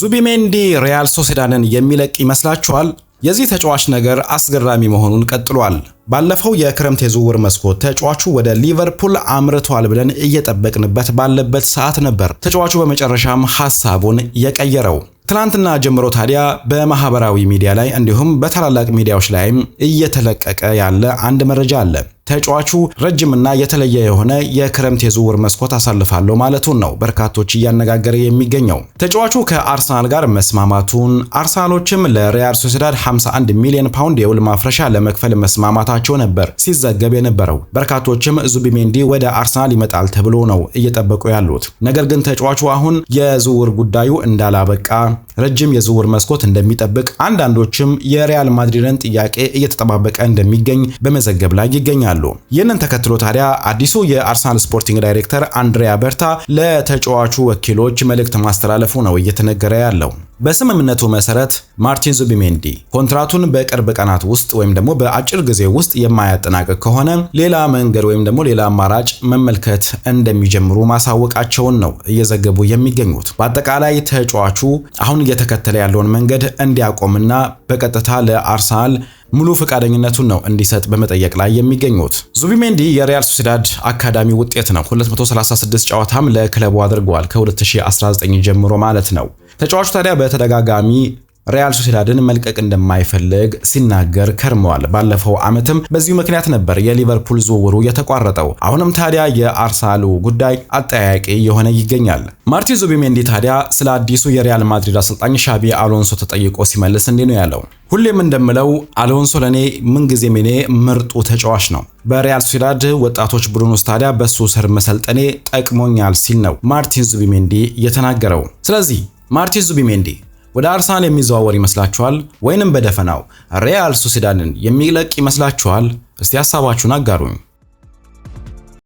ዙቢሜንዲ ሪያል ሶሴዳንን የሚለቅ ይመስላችኋል? የዚህ ተጫዋች ነገር አስገራሚ መሆኑን ቀጥሏል። ባለፈው የክረምት የዝውውር መስኮት ተጫዋቹ ወደ ሊቨርፑል አምርቷል ብለን እየጠበቅንበት ባለበት ሰዓት ነበር ተጫዋቹ በመጨረሻም ሐሳቡን የቀየረው። ትናንትና ጀምሮ ታዲያ በማህበራዊ ሚዲያ ላይ እንዲሁም በታላላቅ ሚዲያዎች ላይም እየተለቀቀ ያለ አንድ መረጃ አለ። ተጫዋቹ ረጅምና የተለየ የሆነ የክረምት የዝውውር መስኮት አሳልፋለሁ ማለቱን ነው በርካቶች እያነጋገረ የሚገኘው። ተጫዋቹ ከአርሰናል ጋር መስማማቱን አርሰናሎችም ለሪያል ሶሲዳድ 51 ሚሊዮን ፓውንድ የውል ማፍረሻ ለመክፈል መስማማታቸው ነበር ሲዘገብ የነበረው። በርካቶችም ዙቢሜንዲ ወደ አርሰናል ይመጣል ተብሎ ነው እየጠበቁ ያሉት። ነገር ግን ተጫዋቹ አሁን የዝውውር ጉዳዩ እንዳላበቃ ረጅም የዝውውር መስኮት እንደሚጠብቅ፣ አንዳንዶችም የሪያል ማድሪድን ጥያቄ እየተጠባበቀ እንደሚገኝ በመዘገብ ላይ ይገኛሉ። ይህንን ተከትሎ ታዲያ አዲሱ የአርሰናል ስፖርቲንግ ዳይሬክተር አንድሪያ በርታ ለተጫዋቹ ወኪሎች መልእክት ማስተላለፉ ነው እየተነገረ ያለው። በስምምነቱ መሰረት ማርቲን ዙቢሜንዲ ኮንትራቱን በቅርብ ቀናት ውስጥ ወይም ደግሞ በአጭር ጊዜ ውስጥ የማያጠናቅቅ ከሆነ ሌላ መንገድ ወይም ደግሞ ሌላ አማራጭ መመልከት እንደሚጀምሩ ማሳወቃቸውን ነው እየዘገቡ የሚገኙት። በአጠቃላይ ተጫዋቹ አሁን እየተከተለ ያለውን መንገድ እንዲያቆምና በቀጥታ ለአርሰናል ሙሉ ፈቃደኝነቱን ነው እንዲሰጥ በመጠየቅ ላይ የሚገኙት። ዙቢሜንዲ የሪያል ሶሲዳድ አካዳሚ ውጤት ነው። 236 ጨዋታም ለክለቡ አድርጓል ከ2019 ጀምሮ ማለት ነው። ተጫዋቹ ታዲያ በተደጋጋሚ ሪያል ሶሲዳድን መልቀቅ እንደማይፈልግ ሲናገር ከርመዋል። ባለፈው ዓመትም በዚሁ ምክንያት ነበር የሊቨርፑል ዝውውሩ የተቋረጠው። አሁንም ታዲያ የአርሰናሉ ጉዳይ አጠያያቂ የሆነ ይገኛል። ማርቲን ዙቢሜንዲ ታዲያ ስለ አዲሱ የሪያል ማድሪድ አሰልጣኝ ሻቢ አሎንሶ ተጠይቆ ሲመልስ እንዲህ ነው ያለው። ሁሌም እንደምለው አሎንሶ ለእኔ ምንጊዜም እኔ ምርጡ ተጫዋች ነው። በሪያል ሶሲዳድ ወጣቶች ቡድን ውስጥ ታዲያ በእሱ ስር መሰልጠኔ ጠቅሞኛል ሲል ነው ማርቲን ዙቢሜንዲ የተናገረው። ስለዚህ ማርቲን ዙቢሜንዲ ወደ አርሰናል የሚዘዋወር ይመስላችኋል? ወይንም በደፈናው ሪያል ሶሲዳድን የሚለቅ ይመስላችኋል? እስቲ ሀሳባችሁን አጋሩኝ።